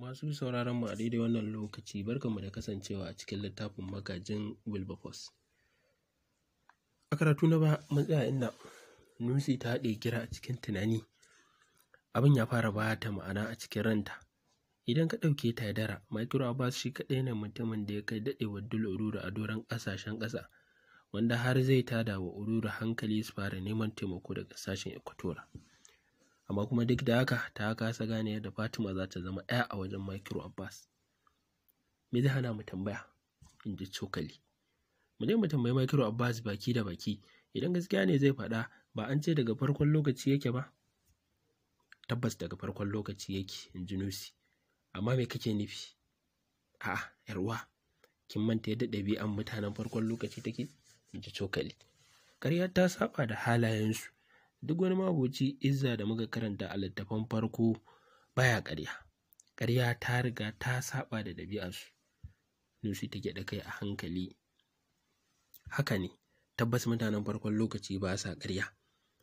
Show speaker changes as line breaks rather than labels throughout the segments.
Masu sauraron mu a daidai wannan lokaci barkanmu da kasancewa a cikin littafin magajin Wilberforce. A karatu na ba mun tsaya inda nusi ta haɗe kira a cikin tunani. Abin ya fara ba ta ma'ana a cikin ranta. Idan ka ɗauke ta dara, micro Abbas shi kaɗai ne mutumin da ya kai daɗewar Dule Ururu a doron ƙasashen ƙasa, wanda har zai tada wa Ururu hankali su fara neman taimako daga sashen Equatorial. amma kuma duk da haka ta kasa gane yadda fatima za ta zama ɗaya a wajen makiru abbas me zai hana mu tambaya in ji cokali mu je mu tambayi makiru abbas baki da baki idan gaskiya ne zai faɗa ba an ce daga farkon lokaci yake ba tabbas daga farkon lokaci yake in ji nusi amma me kake nufi a'a yarwa kin manta yadda ɗabi'an mutanen farkon lokaci take in ji cokali ƙarya ta saba da halayensu duk wani mabuci izza da muka karanta a littafan farko baya karya. ƙarya ta riga ta saba da ɗabi'arsu shi ta gyaɗa kai a hankali haka ne tabbas mutanen farkon lokaci ba sa ƙarya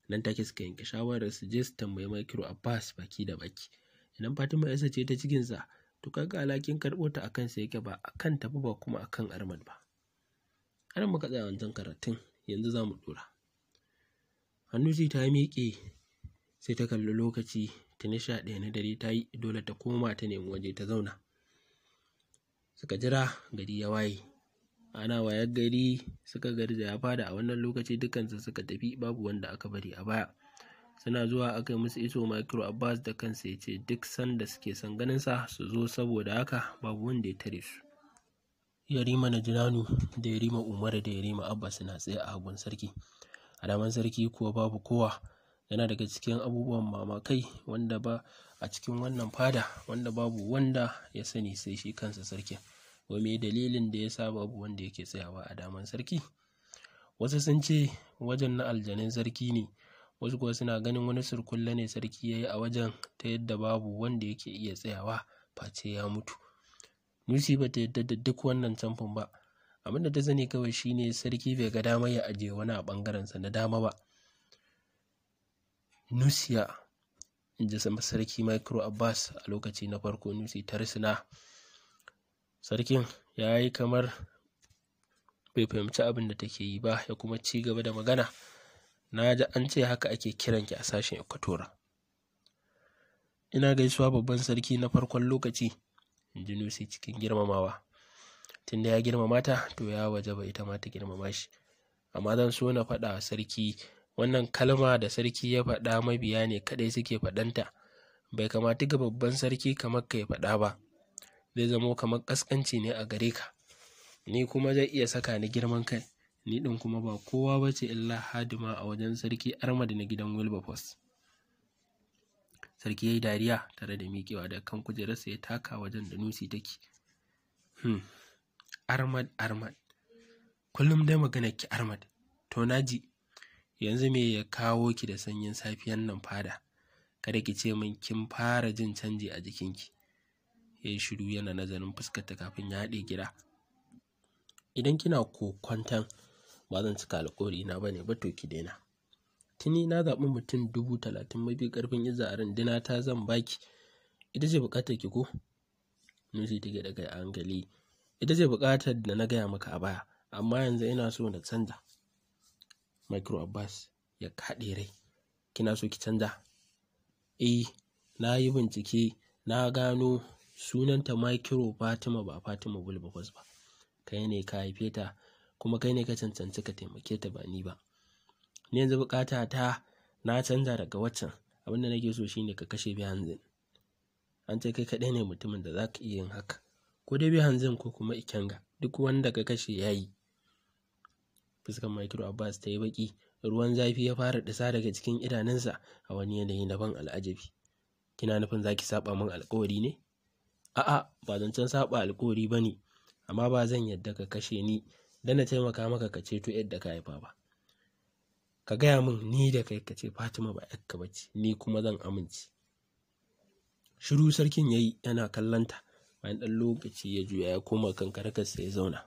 nan take suka yanke shawarar su je su tambayi Makiru Abbas baki da baki idan Fatima Isa ce ta cikin sa to kaga alakin karɓo ta akan sa yake ba akan tafi ba kuma akan Armad ba ana muka tsaya wancan karatun yanzu za mu dora Hannu Hannatu ta miƙe sai ta kalli lokaci tuni sha ɗaya na dare ta yi dole ta koma ta nemi waje ta zauna. Suka jira gari ya waye. Ana wayar gari suka ya fada a wannan lokaci dukansu suka tafi babu wanda aka bari a baya. Suna zuwa aka yi musu iso Micro Abbas da kansa ya ce duk sanda suke son ganinsa su zo saboda haka babu wanda ya tare su. Yarima na Jinanu da Yarima Umaru da Yarima Abba suna tsaye a hagun sarki. a sarki kuwa babu kowa yana daga cikin abubuwan mamakai wanda ba a cikin wannan fada wanda babu wanda ya sani sai shi kansa sarkin wai me dalilin da ya sa babu wanda yake tsayawa a daman sarki wasu sun ce wajen na aljanin sarki ne wasu kuwa suna ganin wani surkulle ne sarki ya yi a wajen ta yadda babu wanda yake iya tsayawa face ya mutu nusi ba ta yadda da duk wannan camfin ba abin da ta zane kawai shine sarki bai ga damar ya ajiye wani a bangaren sa na dama ba nusiya in ji sarki micro abbas a lokaci na farko nusi ta risina sarkin ya yi kamar bai fahimci abin da take yi ba ya kuma ci gaba da magana na ji an ce haka ake kiranki a sashen ekwatora ina gaisuwa babban sarki na farkon lokaci in ji nusi cikin girmamawa Tun da ya girmama ta to ya waje ba ita ma ta girmama shi amma zan so na faɗa wa sarki wannan kalma da sarki ya faɗa mabiya ne kaɗai suke faɗanta bai kamata ga babban sarki kamar ka ya faɗa ba zai zamo kamar ƙasƙanci ne a gare ka ni kuma zai iya saka ni girman kai ni ɗin kuma ba kowa ba ce illa hadima a wajen sarki armad na gidan wilberforce sarki ya yi dariya tare da miƙewa da kan kujerarsa ya taka wajen da nusi take hmm. Armad Armad kullum dai maganar ki Armad to naji yanzu me ya kawo ki da sanyin safiyan nan fada kada ki ce min kin fara jin canji a jikinki ya yi shiru yana nazarin fuskarta kafin ya haɗe gida idan kina kokwantan ba zan cika alƙawari na bane ba to ki daina tuni na zaɓi mutum dubu talatin mafi ƙarfin iza a ta zan baki ita ce buƙatar ki ko nusi gaɗa daga hankali ita ce buƙatar da na gaya maka a baya amma yanzu ina so na canza micro abbas ya kaɗe rai kina so ki canza eh na yi bincike na gano sunanta micro fatima ba fatima bulbakwas ba kai ne ka haife ta kuma kai ne ka cancanci ka taimake ta ba ni ba ni yanzu buƙata ta na canza daga waccan abinda da nake so shine ka kashe biyan zin. an ce kai kaɗai ne mutumin da za ka iya yin haka ko dai hanzun ko kuma Ikenga duk wanda ka kashe ya yi. Fuskar micro Abbas ta yi baki, ruwan zafi ya fara ɗisa daga cikin idanunsa a wani yanayi na ban al'ajabi. Kina nufin za ki saɓa min alƙawari ne? A'a ba zancen saɓa alƙawari ba ne amma ba zan yadda ka kashe ni dana taimaka maka ka ceto yadda ka haifa ba. Ka gaya min ni da kai ka ce Fatima ba ‘yakka ba ce ni kuma zan amince. Shiru sarkin ya yi yana kallonta bayan ɗan lokaci ya juya ya koma kan karkarsa ya zauna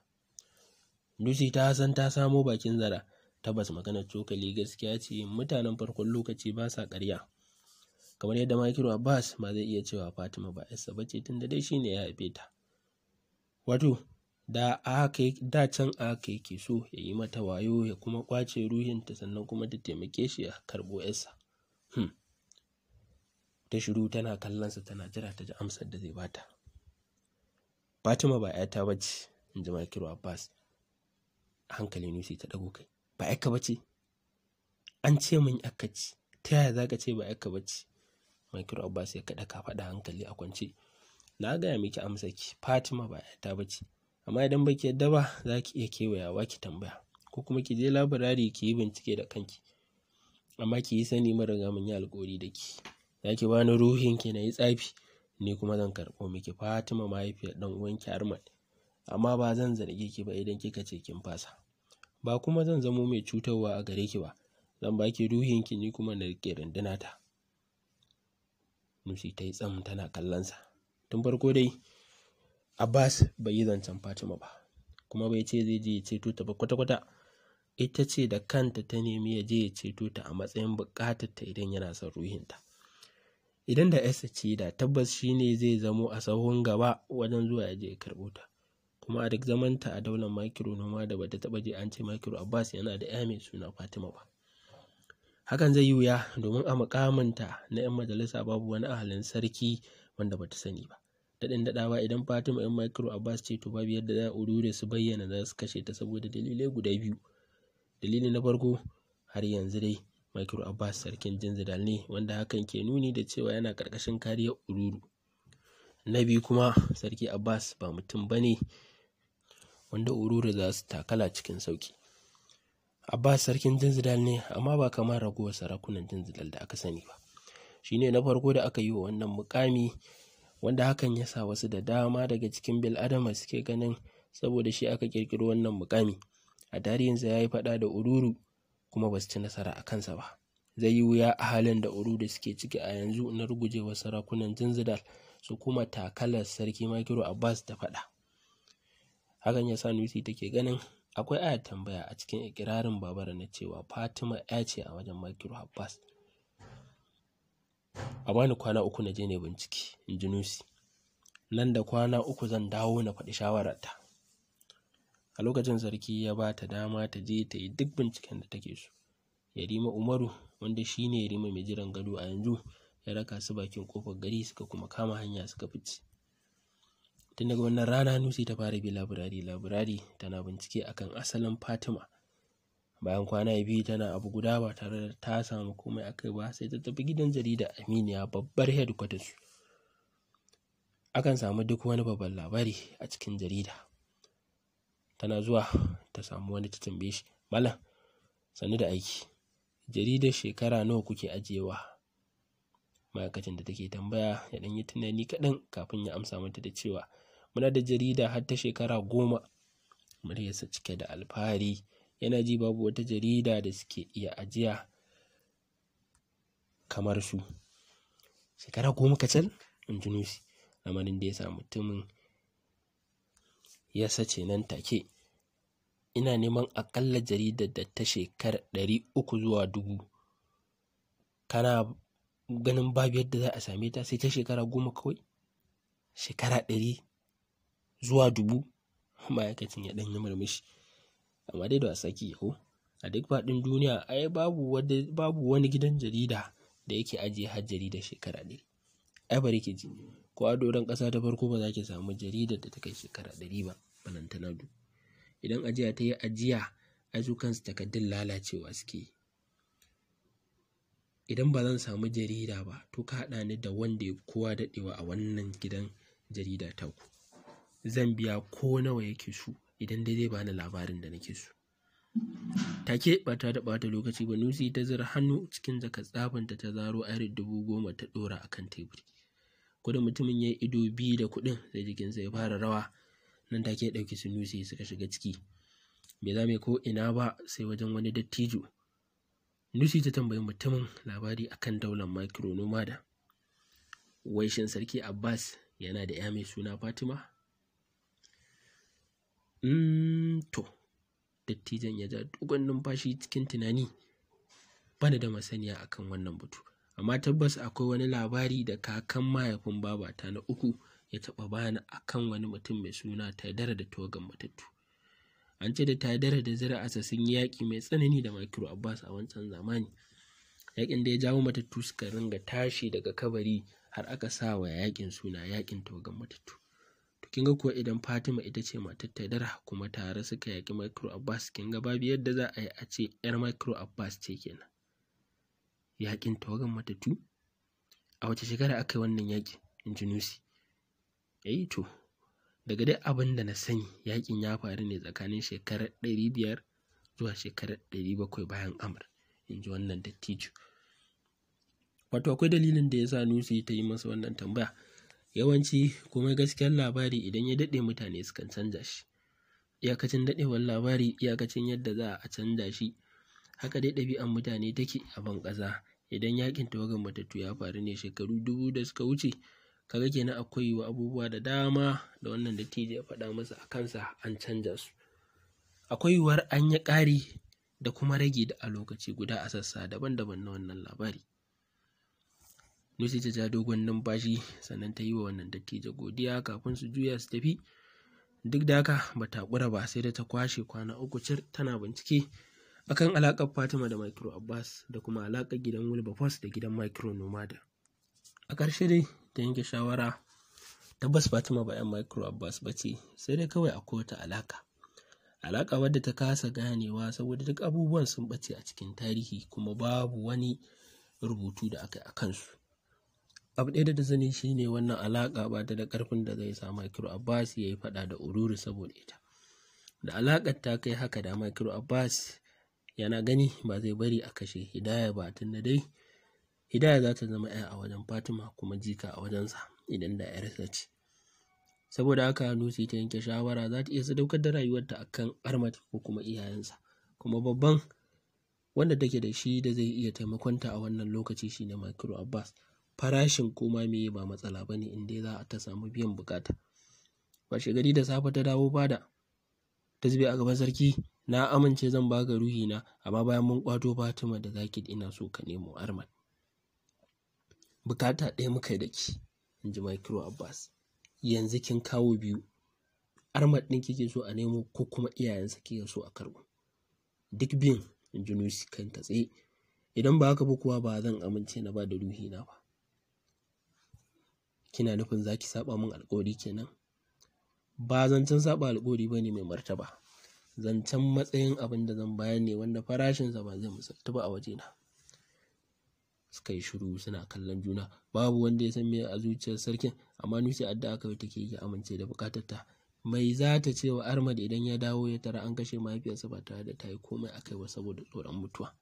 lucy ta san ta samo bakin zara tabbas maganar cokali gaskiya ce mutanen farkon lokaci ba sa ƙarya kamar yadda makiru abbas ma zai iya cewa fatima ba yarsa ba ce tunda dai shine ya haife ta wato da da can aka yake so ya yi mata wayo ya kuma kwace ruhinta sannan kuma ta taimake shi a karɓo yarsa hmm. ta shiru tana kallonsa tana jira ta ji amsar da zai bata Fatima ba ‘yata ba ce, in ji Makiru Abbas. Hankali ne sai ta ɗago kai. Ba ‘yarka ba ce? An ce min ‘yarka ce, ta yaya za ka ce ba ‘yarka ba ce? Makiru Abbas ya kaɗa kafaɗa hankali a kwance. Na gaya miki amsa ki, Fatima ba ‘yata ba ce. Amma idan baki yadda ba, za ki iya kewayawa ki tambaya, ko kuma ki je labarari ki yi bincike da kanki. Amma ki yi sani mara gamin yi alƙawari da ki. Za ki bani ruhin ki na yi tsafi. ni kuma zan karɓo miki Fatima mahaifiyar ɗan uwanki Ahmad amma ba zan zargi ki ba idan kika ce kin fasa ba kuma zan zamo mai cutarwa a gare ki ba zan baki ki ni kuma na rike rundunata. ta Nusi ta yi tsam tana kallonsa. Tun farko dai, Abbas bai yi zancen Fatima ba, kuma bai ce zai je ya ceto ta ba kwata-kwata. Ita ce da kanta ta nemi ya je ya ceto ta a matsayin bukatar ta idan yana son ruhinta. idan da yasa ce da tabbas shi ne zai zamo a sahun gaba wajen zuwa ya je ya karɓo ta kuma a duk zamanta a daular makiro noma da bata taɓa je an ce makiro abbas yana da ya mai suna fatima ba hakan zai yi wuya domin a mukamanta na 'yan majalisa babu wani ahalin sarki wanda bata sani ba daɗin daɗawa idan fatima 'yan makiro abbas ce to babu yadda za a urure su bayyana za su kashe ta saboda dalilai guda biyu dalili na farko har yanzu dai Makiru Abbas sarkin Jinzidal ne wanda hakan ke nuni da cewa yana ƙarƙashin kariyar Ururu. Na biyu kuma sarki Abbas ba mutum ba ne wanda Ururu za su takala cikin sauki Abbas sarkin Jinzidal ne amma ba kamar ragowar sarakunan Jinzidal da aka sani ba. Shi ne na farko da aka yi wa wannan mukami wanda hakan ya sa wasu da dama daga cikin bil adama suke ganin saboda shi aka kirkiro wannan mukami. A tarihinsa ya yi faɗa da Ururu kuma ba su ci nasara a kansa ba zai yi wuya a halin da da suke ciki a yanzu na rugujewa sarakunan zanzidar su kuma takalar sarki makiru abbas da faɗa hakan ya sa nusi take ganin akwai aya tambaya a cikin ikirarin babara na cewa fatima ya ce a wajen makiru abbas a bani kwana uku na je ne bincike in ji nusi nan da kwana uku zan dawo na faɗi shawararta a lokacin sarki ya ba ta dama ta je ta yi duk binciken da take so yarima umaru wanda shi ne yarima mai jiran gado a yanzu ya raka su bakin kofar gari suka kuma kama hanya suka fice tun daga wannan rana nusi ta fara bi laburari laburari tana bincike akan asalin fatima bayan kwana biyu tana abu guda ba tare da ta samu komai a kai ba sai ta tafi gidan jarida aminiya babbar headquarters akan samu duk wani babban labari a cikin jarida tana zuwa ta samu wani ta tambaye shi malam sannu da aiki jaridar shekara nawa kuke ajiyewa ma'aikacin da take tambaya ya ɗan yi tunani kaɗan kafin ya amsa mata da cewa muna da jarida har ta shekara goma muryarsa cike da alfahari yana ji babu wata jarida da suke iya ajiya kamar su shekara goma kacal in ji nusi lamarin da ya sa mutumin ya sace nan take ina neman aƙalla jaridar da ta shekar ɗari uku zuwa dubu kana ganin babu yadda za a same ta sai ta shekara goma kawai shekara ɗari zuwa dubu ma'aikacin ya ɗan yi murmushi amma dai da wasaki ko a duk faɗin duniya ai babu babu wani gidan jarida da yake ajiye har jarida shekara ɗari ai bari ke ji ko a doron ƙasa ta farko ba za ki samu jaridar da ta kai shekara ɗari ba balantana idan ajiya ta yi ajiya ai su kansu takaddun lalacewa suke idan ba zan samu jarida ba to ka haɗa ni da wanda ya kowa daɗewa a wannan gidan jarida taku zan biya ko nawa yake so idan dai zai bani labarin da nake so take ba ta da ɓata lokaci ba nusi ta zira hannu cikin jaka tsabanta ta zaro ayar dubu goma ta ɗora kan teburi kudin mutumin ya yi ido biyu da kuɗin sai jikinsa ya fara rawa nan take ya ɗauki sunusi suka shiga ciki bai zame ko ina ba sai wajen wani dattijo nusi ta tambayi mutumin labari akan daular micro da. wai shin sarki abbas yana da ya mai suna fatima mm, to dattijan ya ja dogon numfashi cikin tunani bani da masaniya akan wannan batu amma tabbas akwai wani labari da kakan mahaifin babata na uku ya taɓa bani a kan wani mutum mai suna taidara da togan matattu an ce da taidara da zira'arsa sun yi yaƙi mai tsanani da makiru abbas a wancan zamani yaƙin da ya jawo matattu suka ringa tashi daga kabari har aka sa wa yaƙin suna yaƙin togan matattu to kin ga kuwa idan fatima ita ce matar taidara kuma tare suka yaƙi makiru abbas kin ga babu yadda za a yi a ce yar makiru abbas ce kenan yaƙin togan matattu a wace shekara aka yi wannan yaƙi in nusi Eh to, daga dai abin da na sani yakin ya faru ne tsakanin shekarar ɗari biyar zuwa shekarar ɗari bakwai bayan amur in ji wannan dattijo. Wato akwai dalilin da ya sa Nusi ta yi masa wannan tambaya. Yawanci komai gaskiyar labari idan ya daɗe mutane sukan canza shi. Iyakacin daɗewar labari iyakacin yadda za a canza shi. Haka dai ɗabi'an mutane take a ban ƙasa. Idan yakin tawagar matattu ya faru ne shekaru dubu da suka wuce, Ka kaga kenan akwai wa abubuwa da dama da wannan dattijo ya faɗa masa a kansa an canja su akwai yiwuwar an yi ƙari da kuma rage da a lokaci guda a sassa daban-daban na wannan labari Lucy ta ja dogon numfashi sannan ta yi wa wannan dattijo godiya kafin su juya su tafi duk da haka ba ta ƙura ba sai da ta kwashe kwana uku cir tana bincike akan alaƙar Fatima da Micro Abbas da kuma alaƙar gidan Wilberforce da gidan Micro Nomada. A ƙarshe dai ta yanke shawara tabbas fatima ba 'yan micro abbas ba ce sai dai kawai akwai wata alaka alaka wadda ta kasa ganewa saboda duk abubuwan sun bace a cikin tarihi kuma babu wani rubutu da aka yi a kansu abu ɗaya da zane shi ne wannan alaƙa ba ta da ƙarfin da zai sa micro Abbas ya yi faɗa da ururi saboda ita. Da alaƙar ta kai haka da micro Abbas yana gani ba zai bari a kashe Hidaya ba tun da dai Hidaya za ta zama ‘ya a wajen Fatima kuma jika a wajensa idan da ‘yarsa ce. Saboda haka Lucy ta yanke shawara za ta iya sadaukar da rayuwarta a kan Armad ko kuma iyayensa. Kuma babban wanda take da shi da zai iya taimakonta a wannan lokaci shine Micro Abbas. Farashin koma meye ba matsala ba ne in dai za ta samu biyan bukata. Washe gari da safe ta dawo bada. Ta zube a gaban sarki na amince zan baka na amma bayan mun kwato Fatima da Zakid ina so ka nemo Armad. bukata ɗaya muka yi da ki in ji micro abbas yanzu kin kawo biyu armad ɗin kike so a nemo ko kuma iyayensa kike so a karɓo duk biyun in ji nusi kan tsaye idan ba haka ba kuwa ba zan amince na ba da ruhi na ba kina nufin zaki saba min alƙawari kenan ba zancen saba alƙawari ba ne mai martaba zancen matsayin abin da zan bayar ne wanda farashinsa ba zai musaltu ba a wajena suka yi shiru suna kallon juna babu wanda ya san me a zuciyar sarkin amma nusi addu'a kawai take yi amince da bukatar ta mai za ta ce wa armad idan ya dawo ya tara an kashe mahaifiyarsa ba tare da ta yi komai a kai ba saboda tsoron mutuwa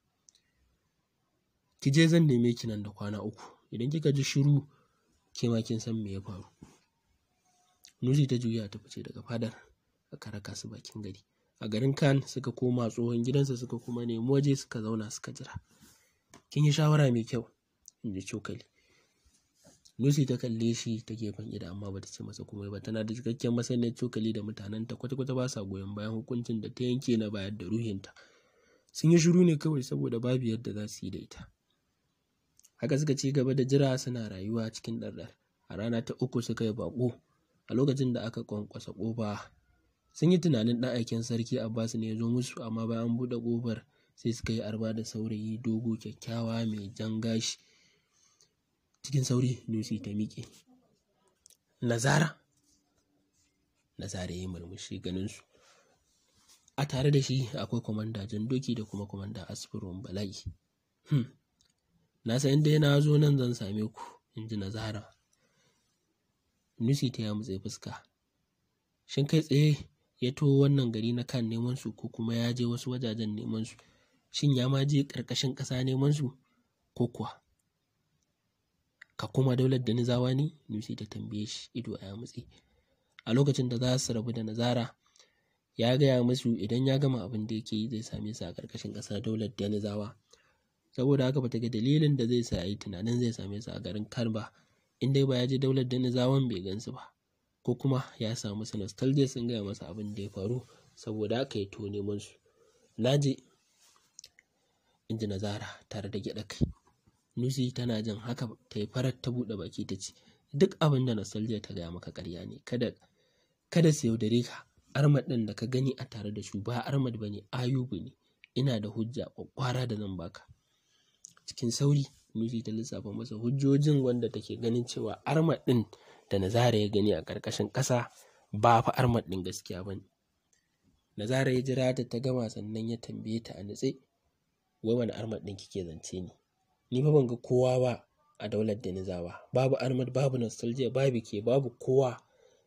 ki je zan neme ki nan da kwana uku idan kika ji shiru ke ma kin san me ya faru nusi ta juya ta fice daga fadar a raka su bakin gari a garin kan suka koma tsohon gidansa suka kuma nemi waje suka zauna suka jira kin yi shawara mai kyau in ji cokali. Lucy ta kalle shi ta gefen ido amma bata ce masa komai ba tana da cikakken masaniyar cokali da mutanenta kwata-kwata ba sa goyon bayan hukuncin da ta yanke na bayar da ruhinta. Sun yi shiru ne kawai saboda babu yadda za su yi da ita. Haka suka ci gaba da jira suna rayuwa cikin ɗarɗar. A rana ta uku suka yi baƙo a lokacin da aka kwankwasa ƙofa sun yi tunanin ɗan aikin sarki Abbas ne ya zo musu amma bayan buɗe ƙofar sai suka yi arba da saurayi dogo kyakkyawa mai jan gashi cikin sauri Lucy ta miƙe Nazara Nazara ya yi murmushi ganin a tare da shi akwai kwamanda jan doki da kuma kwamanda aspirin bala'i hmm, na san inda yana zo nan zan same ku in ji nazara nusi ta mutse fuska shin kai tsaye ya to wannan gari na kan neman su ko kuma ya je wasu wajajen neman su shin ya ma je ƙarƙashin ƙasa neman su ko kuwa ka kuma daular da nizawa ne nusi ta tambaye shi ido a yamutse a lokacin da za su rabu da nazara ya gaya musu idan ya gama abin da yake yi zai same su a ƙarƙashin ƙasa daular da nizawa saboda haka bata ga dalilin da zai sa yi tunanin zai same su a garin kalba in dai ba ya je daular da nizawan bai gansu ba ko kuma ya samu su nostalgia sun gaya masa abin da ya faru saboda haka ya to neman su na je injina Zara tare da gyaɗa kai. nusi tana jin haka ta yi farar ta buɗe baki ta ce, Duk abin da Nostalgia ta gaya maka ƙarya ne, kada kada su yaudare ka, Armad ɗin da ka gani a tare da shu ba Armad bane ne, Ayubu ne, ina da hujja kwakwara da zan baka. Cikin sauri, nusi ta lissafa masa hujjojin wanda take ganin cewa Armad ɗin da Nazara ya gani a ƙarƙashin ƙasa ba fa Armad ɗin gaskiya bane. ne. Nazara ya jira ta ta gama sannan ya tambaye ta a nutse wai wani Ahmad ɗin kike zance ni ni ma ban ga kowa ba a daular da ni babu armad babu nostalgia babu ke babu kowa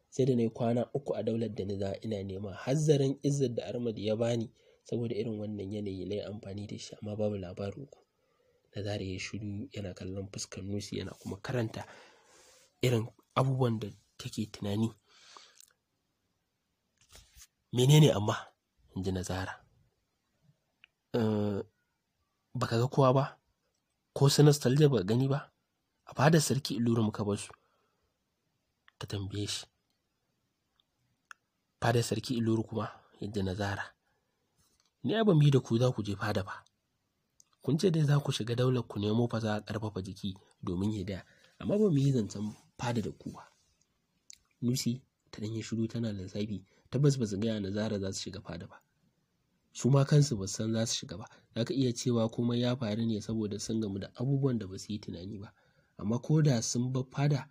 sai da na yi kwana uku a daular da ina nema hazzarin izzar da Ahmad ya bani saboda irin wannan yanayi na amfani da shi amma babu labarin ku na zare ya shiru yana kallon fuskar nusi yana kuma karanta irin abubuwan da take tunani menene amma in ji na zara eh, baka ga kowa ba ko su nostalgia baka gani ba a fadar sarki iluru muka bar su ta tambaye shi fadar sarki iluru kuma yadda na zara ni ai ban bi da ku za ku je fada ba kun ce dai za ku shiga daular ku nemo fa za a karfafa jiki domin ya hidaya amma ba mu yi zancen fada da ku nusi ta ɗanyen shiru tana lissafi tabbas ba su gaya na zara za su shiga fada ba su ma kansu ba san za su shiga ba za ka iya cewa komai ya faru ne saboda sun gamu da abubuwan da ba su yi tunani ba amma ko da sun ba fada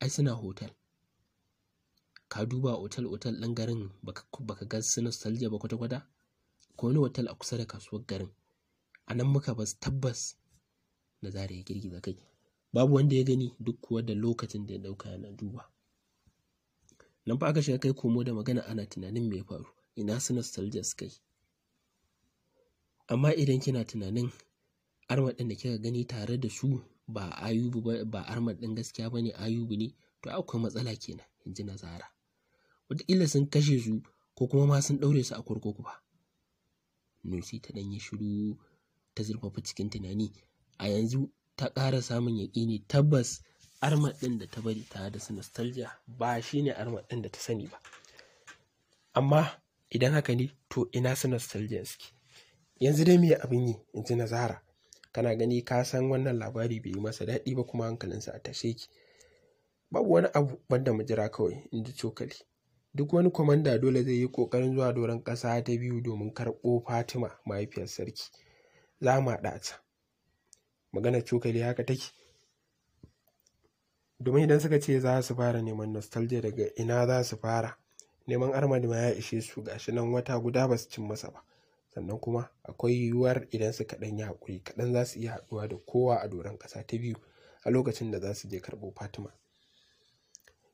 ai suna hotel ka duba otal otal ɗin garin ba ka ga su nostalgia ba kwata-kwata ko wani otal a kusa da kasuwar garin a nan muka bas tabbas na zara ya girgiza kai babu wanda ya gani duk kuwa da lokacin da ya ɗauka yana duba nan fa aka shiga kai komo da magana ana tunanin me faru ina su nostalgia suka yi Amma idan kina tunanin armar ɗin da kika gani tare da su ba Ayubu ba, ba armar ɗin gaskiya ba ne Ayubu ne, to akwai matsala kenan, in ji Nazara. Wataƙila sun kashe su ko kuma ma sun ɗaure su a kurkuku ba. Nusi ta ɗan shiru ta zurfafa cikin tunani. A yanzu ta ƙara samun yaƙini tabbas armar ɗin da ta bari tare da su nostalgia ba shi ne armar ɗin da ta sani ba. Amma idan haka ne to ina su nostalgia suke. yanzu dai me abin yi in ji na zara kana gani ka san wannan labari bai yi masa daɗi ba kuma hankalinsa a tashe ki babu wani abu banda mu jira kawai in ji cokali duk wani kwamanda dole zai yi kokarin zuwa doron kasa ta biyu domin karɓo fatima mahaifiyar sarki za mu haɗa ta maganar cokali haka take domin idan suka ce za su fara neman nostalgia daga ina za su fara neman armad ma ya ishe su gashi nan wata guda ba su cin masa ba sannan kuma akwai yiwuwar idan su ɗan yi haƙuri kaɗan za su iya haɗuwa da kowa a doron ƙasa ta biyu a lokacin da za su je karɓo Fatima.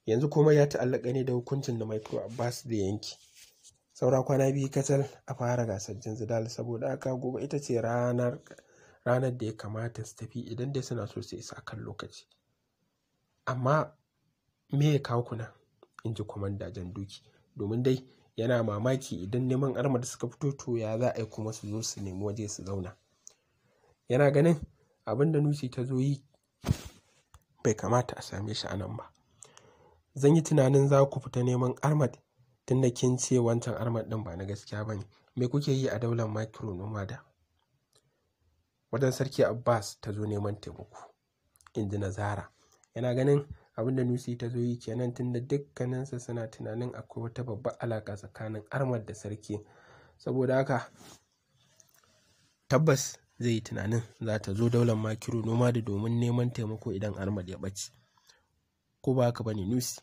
Yanzu kuma ya ta'allaka ne da hukuncin da Micro Abbas da yanki. Saura kwana biyu kacal a fara gasar jin zidal saboda haka gobe ita ce ranar ranar da ya kamata su tafi idan dai suna so su isa kan lokaci. Amma me ya kawo kuna? in ji kwamanda jan duki domin dai yana mamaki idan neman da suka fito to ya za a yi kuma su zo su nemi waje su zauna yana ganin abin da nushi ta zo yi bai kamata a same shi a nan ba zan yi tunanin za ku fita neman armad tunda kin ce wancan armad ɗin ba na gaskiya ba ne me kuke yi a daular makiro nomada wajen sarki abbas ta zo neman taimako in ji nazara yana ganin abin da Nusi ta zo yi kenan da dukkaninsa suna tunanin akwai wata babbar alaka tsakanin Ahmad da sarki saboda haka tabbas zai yi tunanin za ta zo daular makiru noma da domin neman taimako idan armar ya ɓace ko ba haka bane Nusi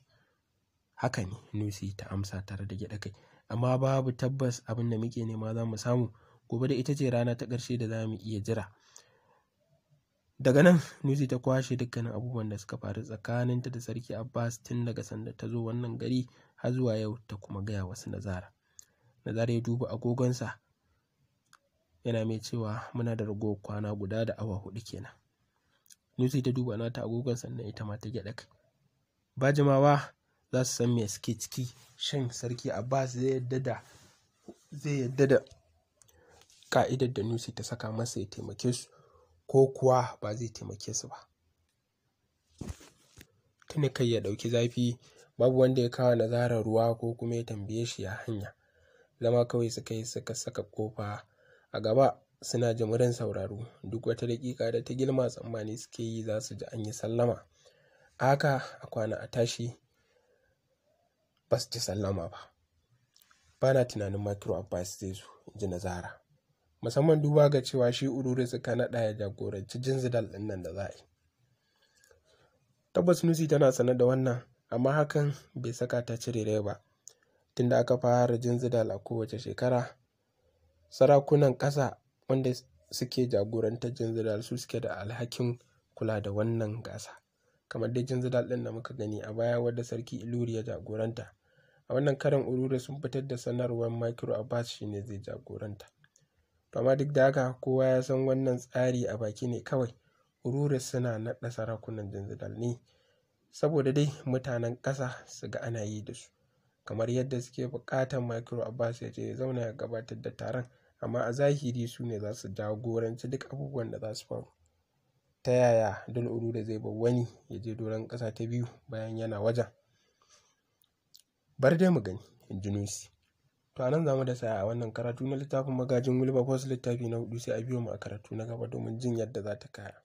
haka ne Nusi ta amsa tare da gyaɗa kai amma babu tabbas abin da muke nema za mu samu gobe da ita ce rana ta ƙarshe da za mu iya jira daga nan Nusi ta kwashe dukkanin abubuwan da suka faru tsakaninta da sarki Abbas tun daga sanda ta zo wannan gari har zuwa yau ta kuma gaya wasu Nazara. Nazara ya duba agogonsa yana mai cewa muna da rago kwana guda da awa hudu kenan. Nusi ta duba nata agogon sannan ita ma ta gyaɗa kai. Ba jimawa za su san me suke ciki shin sarki Abbas zai yadda da zai yadda da ka'idar da Nusi ta saka masa ya taimake su ko kuwa ba zai taimake su ba. Tuni kai ya ɗauki zafi babu wanda ya kawo Nazara ruwa ko kuma ya tambaye shi ya hanya. Zama kawai suka yi suka saka ƙofa a gaba suna jimirin sauraro duk wata daƙiƙa da ta gilma tsammani suke yi za su ji an yi sallama. A haka a kwana a tashi ba su ji sallama ba. Ba na tunanin makiro Abbas zai zo, in ji Nazara. musamman duba ga cewa shi ururi suka naɗa ya jagoranci jinzidal ɗin nan da za a yi tabbas nusi tana sanar da wannan amma hakan bai saka ta cire rai ba tunda aka fara jin zidal a kowace shekara sarakunan ƙasa wanda suke jagorantar jin zidal su suke da alhakin kula da wannan gasa kamar dai jinzidal ɗin da muka gani a baya wadda sarki iluri ya jagoranta a wannan karin ururi sun fitar da sanarwar micro abbas shine zai jagoranta amma duk da haka kowa ya san wannan tsari a baki ne kawai ururi suna naɗa sarakunan janzanzal ne saboda dai mutanen ƙasa su ga ana yi da su kamar yadda suke buƙatar micro abbas ya je ya zauna ya gabatar da taron amma a zahiri su ne za su jagoranci duk abubuwan da za su faru ta yaya dole da zai bar wani ya je doron ƙasa ta biyu bayan yana wajen bar dai mu gani injinusi To anan zamu da saya a wannan karatu na littafin magajin Wilberforce littafi na hudu sai a biyo mu a karatu na gaba domin jin yadda za ta kaya.